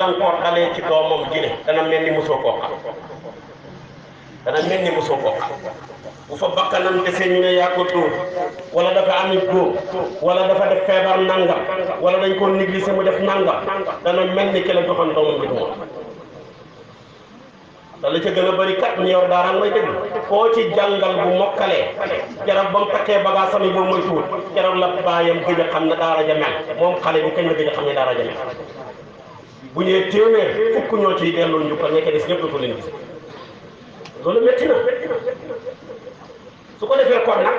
gàllankoor dalee ci doomam ji ne dana mel ni mosoo koo xam dana mel ni mosoo koo xam bu fa wala dafa amit góor wala dafa def feebar nangam wala ko négligé mu def nangam mel ni ki la joxoon doomam ca gën a bëri kat ñu yor daaraan may déglu koo ci jàngal bu mokkalee jarab ba takkee bagaasam yi boobu mooy tuur jarab la baayam gëj a xam ne daara ja mel moom xale bi kañ la gëj a xam ne daara ja mel bu ñee téeméer fukk ñoo ciy delloo ko ñekee des ñëpp dootu leen gis loolu métti na su ko defee kon nag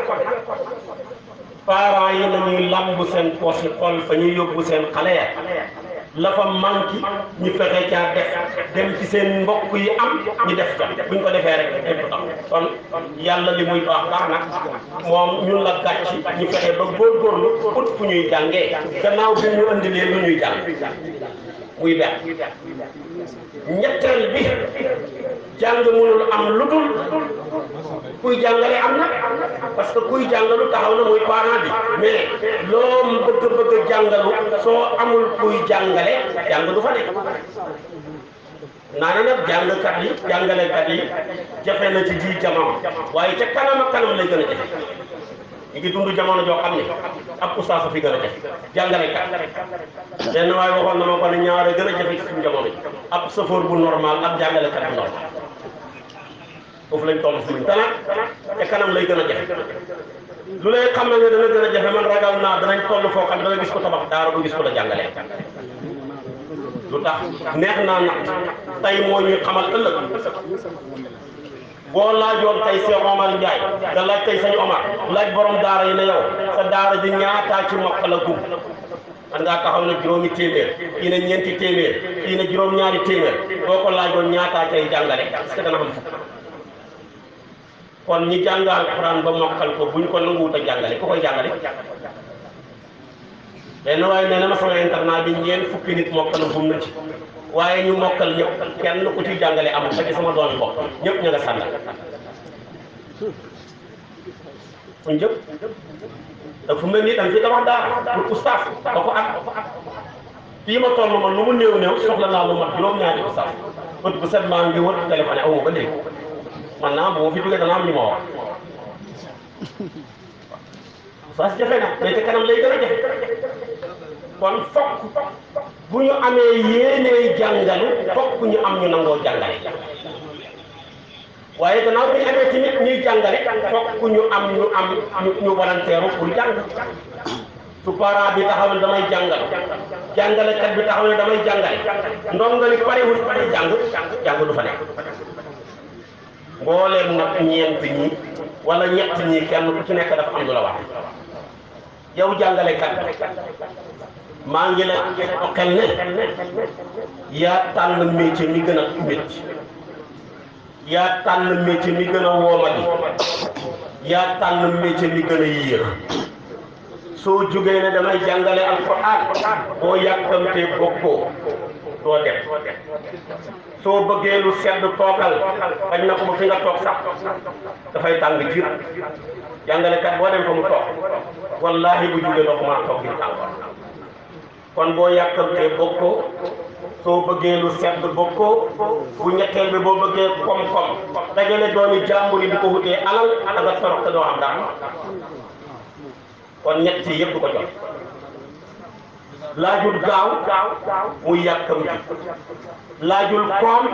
parents yi nañuy làmb seen poche yi xool fa ñuy yóbbu seen xale ya la fa manqué ñu fexe caa def dem ci seen mbokk yi am ñu def ko buñ ko defee rek lépp tax kon yàlla li muy baax baax nag moom ñun la gàcc ñu fexe ba góorgóorlu ut fu ñuy jàngee gannaaw bi ñu indilee lu ñuy jàng muy benn ñetteel bi jàng mënul am lu dul kuy jàngale am na parce que kuy jàngalu taxaw na muy parent bi mais loo bëgg bëgg jàngalu soo amul kuy jàngale jàng du fa nekk naa ne nag jàngkat yi jàngalekat yi jafe na ci ji jamono waaye ca kanam ak kanam lay gën a jafe ñu ngi dund joo xam ne ab ustaas fi gën a jafe jàngalekat benn waaye waxoon na ma ko ne ñaare gën a jafe ci suñu jamono ji ab safoor bu normal ak jàngalekat bu normal foofu lañ toll suñu dana te kanam lay gën a jafe lu lay xam ne dana gën a jafe man ragal naa danañ toll foo xam ne dana gis ko tabax daara du gis ko la jàngalee lu tax neex naa nag moo ñuy xamal ëllëg boo laajoon tey Cheikh Omar Ndiaye nga laaj tey sëñ Omar laaj borom daara yi na yow sa daara ji ñaataa ci mokk la gum man ngaa taxaw na juróomi téeméer kii na ñeenti téeméer kii na juróom-ñaari téeméer boo ko laajoon ñaataa cay jàngale est-ce que dana xam fukk kon ñi jàng alxuraan ba mokkal ko buñ ko nanguwut jàngale ku koy jàngale benn waaye nee na ma sama internat bi ñeent fukki nit mokkal gum na ci waaye ñu mokkal ñëpp kenn ku ci jàngale amul ba ci sama doomi bopp ñëpp ñu nga sàngal fu ñu jëm te fu mel nii tam fi tabax daara pour oustaz ba ko am fii ma toll ma nu mu néew néew soxla naa lu mat juróom-ñaari oustaz bët bu set maa ngi wër téléphone amoo ba léegi man naa boo fi jógee dana am ñu ma wax oustaz jafe na mais te kanam lay gën a jafe kon fokk bu ñu amee yéenee jàngalu fokk ñu am ñu nangoo jàngale waaye gannaaw bi ñu amee tamit ñuy jàngale fokk ñu am ñu am ñu volontaire pour jàng su bi taxaw ne damay jàngal jàngalekat bi taxaw ne damay jàngale ndongo li parewul pare jàng jàng du fa nekk mbooleem nag ñeent ñi wala ñett ñi kenn ku ci nekk dafa am lu la wax yow jàngalekat maa ngi la xel ne yaa tànn métier mi gën a métti yaa tànn métier mi gën a woomadi yaa tànn métier mi gën a yéex soo jógee ne damay jàngale alxuraan boo yàkkamtee bokkoo doo dem soo bëggee lu sedd toogal bañ na ko ba nga toog sax dafay tàng jiir jàngalekat boo dem fa mu toog wallaahi bu jógee doo ko mën a kon boo yàkkamtee bokkoo soo bëggee lu sedd bokkoo bu ñetteel bi boo bëggee koom-koom dajale doomi jàmbur yi di ko wutee alal da nga torox kon ñett yëpp ko jox laajul gaaw muy yàkkamti laajul koom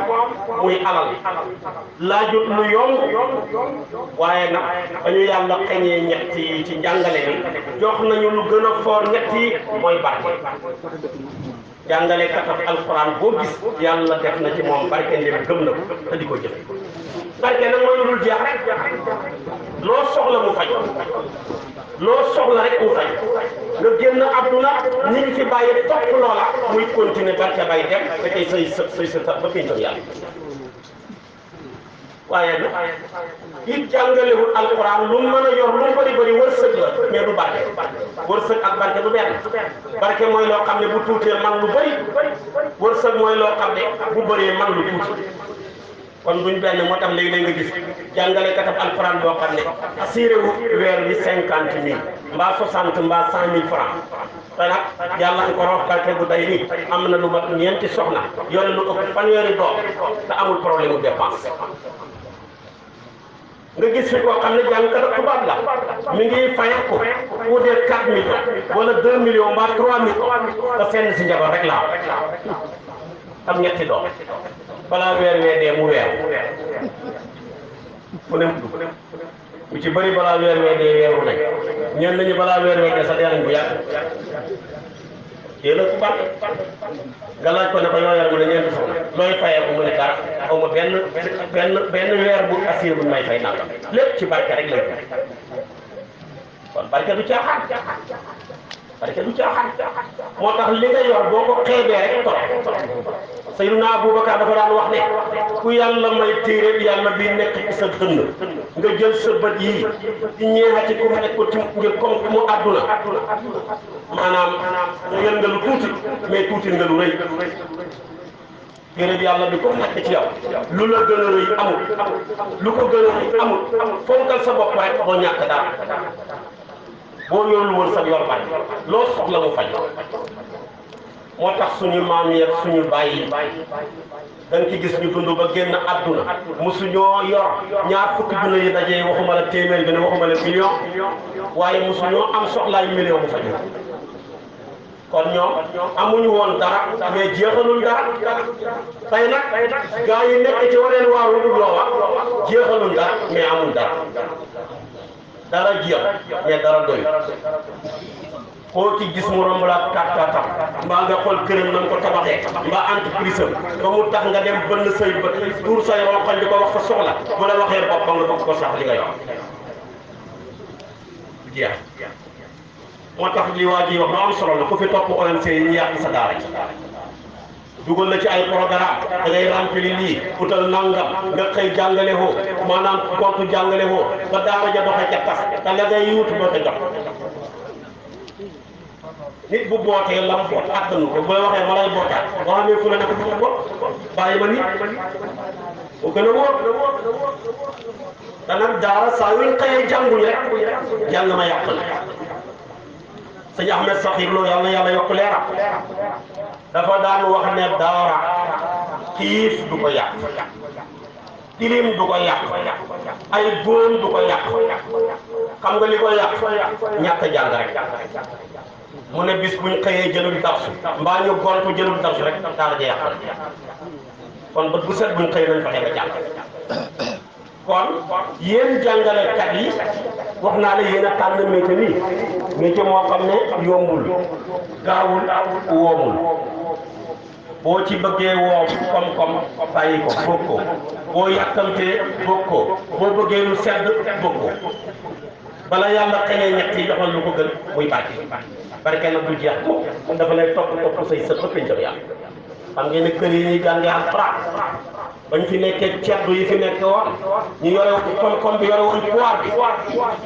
muy alal laajul mu yomb waaye nag ba ñu yàlla xeñee ñett yi ci njàngale bi jox nañu lu gën a foor ñett yi mooy barke jàngale katam alxuraan boo gis yàlla def na ci moom barke ndem gëm na ko te di ko jëf barke nag mooy lu dul jeex rek loo soxla mu faj loo soxla rek mu fay nga génn àdduna ñi fi bàyyi topp loola muy continuer barke bay dem ba tey say say sa ba tey sa yàlla waaye nag it jàngalewul alxuraan lu mu mën a yor lu mu bëri bëri wërsëg la mais du barke wërsëg ak barke du benn barke mooy loo xam ne bu tuutee man lu bëri wërsëg mooy loo xam ne bu bëree man lu tuuti. kon duñ benn moo tax léegi nga gis jàngalekatam alxuraan boo xam ne assuré wu weer bi cinquante mille mbaa soixante mbaa cent mille franc te nag yàlla nga ko roof barke bu day nii am na lu mat ñeenti soxna yore lu ëpp fanweeri doom te amul problème mu dépense nga gis fi koo xam ne jàngkat tubaab la mi ngi fay ko mu dee quatre millions wala deux millions mbaa trois millions te fenn si njaboot rek laa la am ñetti doom balaa weer wee dee mu weer mu ne mu ci bëri balaa weer wee dee weeru nañ ñeen nañu balaa weer wee dee sax dee nañ bu yàgg yéen a ku baax nga laaj ko ne ko yoo yor mu ne ñeenti fan looy fayee ko mu ne dara xaw ma benn benn benn weer bu assuré bu may fay nangam lépp ci barke rek lañ fay kon barke du caaxaan barke du caaxaan moo tax li nga yor boo ko xeebee rek trop. Sayyidina Abubakar dafa daan wax ne ku yàlla may téere yàlla bi nekk ci sa dënn nga jël sa bët yii di ñeexati ko tim ngir tuuti nga lu rëy. téere yàlla bi ko nekk ci yow lu la gën a rëy amul lu ko gën a rëy amul fonkal sa bopp waaye boo ñàkk dara boo yorul woon sa yor bàyyi loo soxla mu faj. moo tax suñu maam yi ak suñu bàyyi da nga ci gis ñu dund ba génn àdduna mosuñoo yor ñaar fukki junne yi dajee waxuma la téeméer bi ne waxuma la million waaye mosuñoo am soxlaay million bu kon ñoom amuñu woon dara mais jeexalul dara tey amul dara dara jeex mais dara doy koo ci gis mu romb laa kàttaatam mbaa nga xool këram nan ko tabaxee mbaa entreprise am ba mu tax nga dem bënn say bët tuur say ronqañ di ko wax sa soxla bu la waxee boppam nga ko sax li nga tax li waa ji wax lu am solo la ku fi topp ONC yi ñu yàq sa daara yi dugal na ci ay programme da ngay remplir lii utal nangam nga xëy jàngale hoo maanaam kooku jàngale hoo ba daara ja doxe ca tas te la ngay nit bu bootee la mu boot àttanu ko booy waxee ma lay bootaat boo xamee fu la nekk bu boot bàyyi ma nit bu gën a wóor danañ daara saa yuñ xëyee jàngul rek jàng ma yàq la sëñ Ahmed Saxir Lo yàlla yàlla yokk leeram dafa daan wax ne daara xiif du ko yàq tilim du ko yàq ay góom du ko yàq xam nga li ko yàq ñàkk jàng rek mu ne bis buñ xëyee jëluñ darsu mbaa ñu gontu jëluñ darsu rek daara ja yàqal kon bët bu set buñ xëyee nañ fexe wax naa la yéen a tànn métier bi métier moo xam ne yombul gaawul woomul boo ci bëggee woom koom-koom bàyyi ko bëgg ko boo yàkkamtee bëgg ko boo bëggee lu sedd bëgg ko bala yàlla xëyee ñett yi joxal lu ko gën muy barke barke nag du jeex ko dafa lay topp topp say sët ba pencam yàlla xam ngeen ne kër yi ñuy jàngee alxuraan bañ fi nekk ceddu yi fi nekk woon ñu yore koom-koom bi yore woon pouvoir bi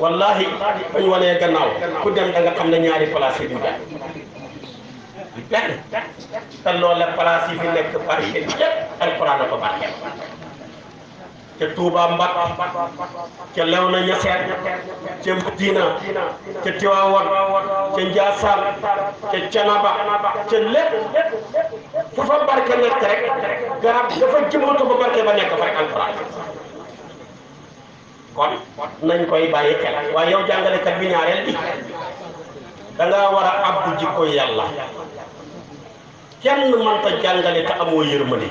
wallahi bañ wanee gannaaw ku dem da nga xam ne ñaari place yi du jaay du benn te loolee place yi fi nekk alxuraan la ko barke ca Touba Mbatt ca Léona Niassène ca Medina ca Tiwaawan ca Njaasaan ca Canaba ca lépp fu fa barke nekk rek garab dafa jëmmatu ba barke ba nekk fa rek alxuraan kon nañ koy bàyyi xel waaye yow jàngalekat bi ñaareel bi da ngaa war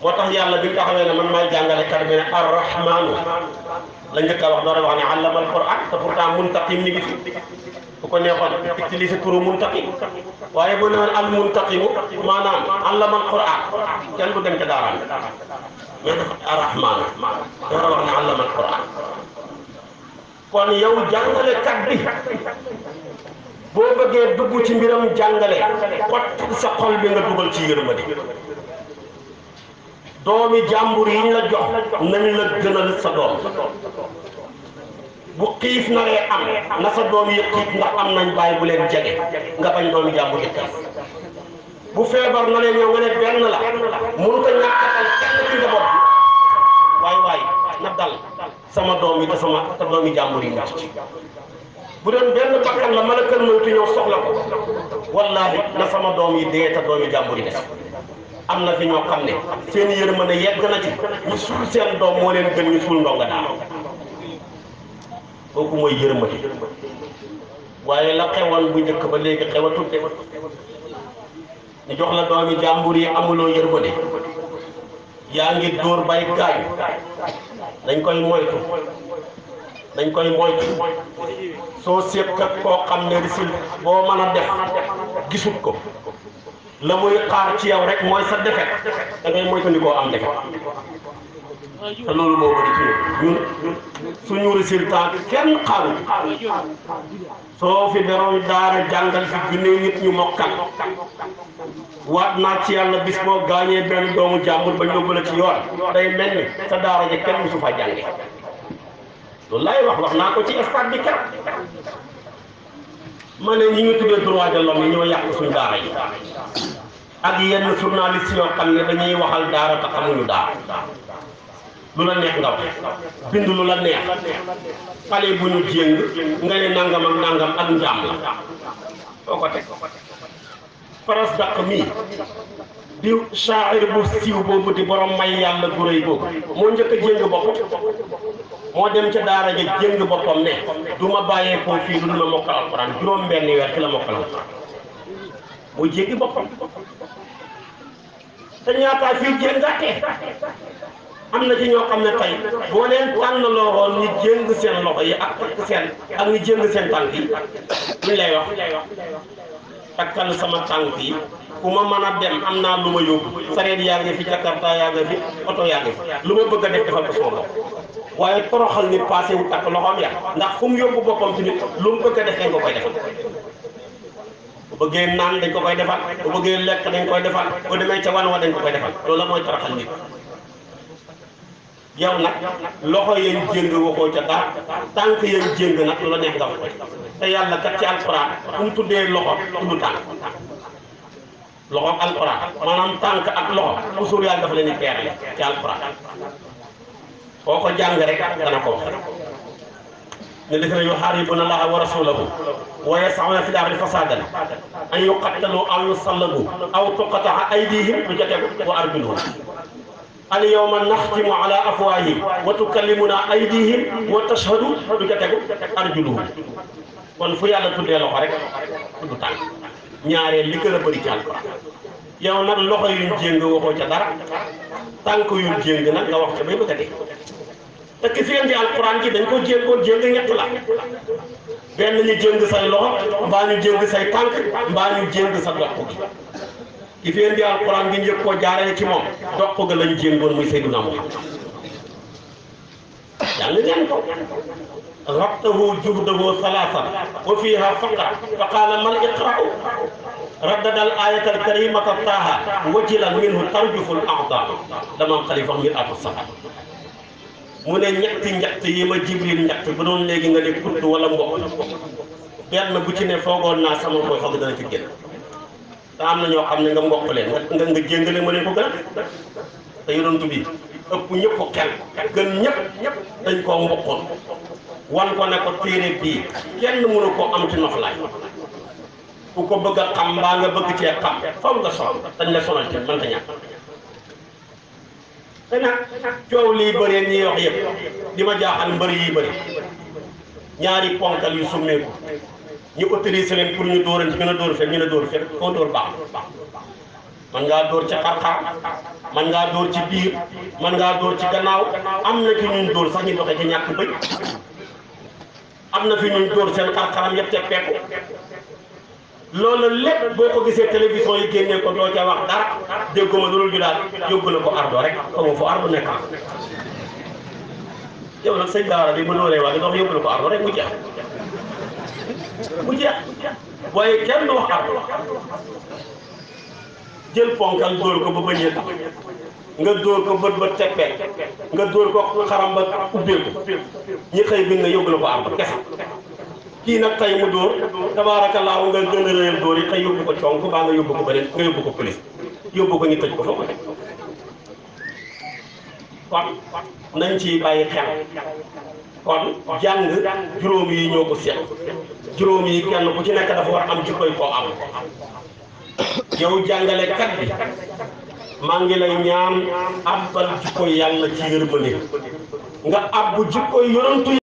moo tax yàlla bi nga xamee ne man maay jàngale kat bi ne arrahmaanu la njëkk a wax door a wax ne allama alquran te pourtant muntaqim ni ngi fi bu ko neexoon utiliser turu muntaqim waaye boo newoon al muntaqimu maanaam allama alquran kenn bu dem ca daaraan mais dafa arrahmaanu door a wax ne allama alquran kon yow jàngale kat bi boo bëggee dugg ci mbiram jàngale xottal sa xol bi nga dugal ci yërmande doomi jàmbur yi ñu la jox nañu la gënal sa doom bu xiif naree am na sa doom yi xiif ndax am nañ bàyyi bu leen jege nga bañ doomi jàmbur yi tam bu feebar naree ñëw nga ne benn la mënut a ñàkkatal kenn ci dal sama doom yi te sama te doomi jàmbur yi nga bu doon benn bakkan la mën a kër moytu ñëw soxla ko wallaahi na sama doom yi dee te doomi jàmbur yi am na fi ñoo xam ne seen yërmande yegg na ci ñu suul seen doom moo leen gën ñu suul ndonga daal kooku mooy yërmande waaye la xewoon bu njëkk ba léegi xewatul de ñu jox la doomi jàmbur yi amuloo yërmande yaa ngi dóor bay gaañu dañ koy moytu dañ koy moytu soo seet koo xam ne risil boo mën a def gisut ko la muy xaar ci yow rek mooy sa defet da ngay moytandikoo am defet te loolu moo bëri ci ñun suñu résultat soo fi beroon daara jàngal fi junne nit ñu mokkal waat naa ci yàlla bis boo gaañee benn doomu jàmbur ba yóbbu la ci yoon day mel ni sa daara ja kenn musu fa jànge loolu laay wax wax naa ko ci stade bi kat ma ne ñi ñu tuddee droit de l'homme yi ñoo yàq suñu daara yi ak yenn journaliste yoo xam ne dañuy waxal daara te xamuñu daara lu la neex nga wax bind lu la neex xale bu ñu jéng nga ne nangam ak nangam ak njaam la foo ko teg mii di shaa'ir bu siiw boobu di borom may yàlla gu boobu moo njëkk a jéng boppam moo dem ca daara ja jéng boppam ne du ma bàyyee koo fii lu dul ma alxuraan juróom benn weer ci la mokkal alxuraan mooy jéggi boppam te ñaata fii jéng gàttee am na ci ñoo xam ne tey boo leen tànn loo xool ñu seen loxo yi ak takk seen ak ñu jéng seen tànk yi buñ lay wax takkal sama tànk yi ku ma mën a dem am naa lu ma yóbbu sareet yaa ngi fi jakarta yaa ngi fi oto yaa lu ma bëgg a def defal ko sama bopp waaye toroxal ni passé wu takk loxoom ya ndax fu mu yóbbu boppam tamit lu mu bëgg a defee nga koy def bu bëggee naan dañ ko koy defal bu bëggee lekk dañ koy defal bu demee ca wan wa dañ ko koy defal loolu mooy toroxal nit yow nag loxo yéen jéng waxoo ca dara tànk yéen jéng nag loola neex nga wax te yàlla kat ci alxuraan fu mu tuddee loxo tudd tànk loxo alxuraan maanaam tànk ak loxo toujours yàlla dafa leen di teerale ci alxuraan boo ko jàng rek dana ko wax الذين يحاربون الله ورسوله ويسعون في الأرض فسادا أن يقتلوا أو يصلبوا أو تقطع أيديهم وأرجلهم اليوم نختم على أفواههم وتكلمنا أيديهم وتشهد أرجلهم kon fu yàlla tuddee loxo rek tudd tànk ñaareel li gën a bëri ci alquran yow nag loxo yuñ jéng waxoo ca dara tànk yuñ jéng nag nga wax ca bay bëgg a dee te ki fi indi alquran gi dañ ko jéngoon jéng ñett la benn ñu jéng say loxo mbaa ñu jéng say tànk mbaa ñu jéng sa doq gi ki fi indi alquran gi njëkk koo jaaree ci moom doq ga lañ jéngoon muy Seydina Muhammad jàng ngeen ko rabtahu juhdahu salaasa wa fiha faqa fa qaala man iqra'u raddada al ayata al karimata taaha wajilan minhu tarjufu al a'daa damam xalifa min atu saxaat mu ne ñetti njatt yi ma jibril njatt ba doon léegi nga ne kurt wala ko benn bu ci ne foogoon naa sama mooy xam dana ci génn te am na ñoo xam ne nga mboq leen nga nga jéngale ma leen ko gën te yonent bi ëpp ñëpp xel gën ñëpp dañ koo mboqoon wan ko ne ko téere bii kenn am ci noflaay ku ko bëgg a xam mbaa nga bëgg cee xam faw nga sonn dañ la sonal ci mënta ñàkk coow liy bëree ñuy wax yëpp li ma jaaxal mbëri yi bëri ñaari ponkal yu summeeku ñu autorisé leen pour ñu dóoran ñu ne dóor fekk ñu ne dóor fekk koo dóor baax man ngaa dóor ci xarxar man ngaa dóor ci biir man ngaa dóor ci gannaaw am na ci ñun dóor sax ñu doxee ci ñàkk bëj am na fi ñun dóor seen xarxaram yëpp te peeku loolu lépp boo ko gisee télévision yi génnee ko doo ca wax dara dégguma loolu ñu daal yóbbu la ko ardo rek xamoo fu ardo nekk yow nag sëñ daara bi mënoo lay wax ndox yóbbu la ko ardo rek mu jeex mu jeex waaye kenn du wax ardo jël ponkal dóor ko ba bañee tax nga dóor ko bët ba teppee nga dóor ko xaram ba ubbeeku ñi xëy bi nga yóbbu la ko ardo kese kii nag tay mu dóor tabaarakallaahu nga gën a rëyal dóor yi tey yóbbu ko cong baa nga yóbbu ko beneen nga yóbbu ko police yóbbu ko ñu tëj ko fa ko kon bàyyi xel kon jàng juróom yi ñoo ko seet juróom yi kenn ku ci nekk dafa war am jikkoy koo am yow jàngalekat bi maa ngi lay ñaan abbal jikkoy yàlla ci nga abbu jikkoy yorantu